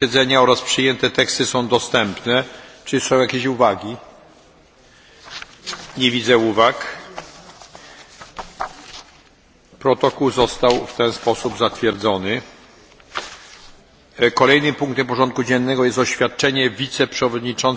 posiedzenia oraz przyjęte teksty są dostępne. Czy są jakieś uwagi? Nie widzę uwag. Protokół został w ten sposób zatwierdzony. E, kolejnym punktem porządku dziennego jest oświadczenie wiceprzewodniczącej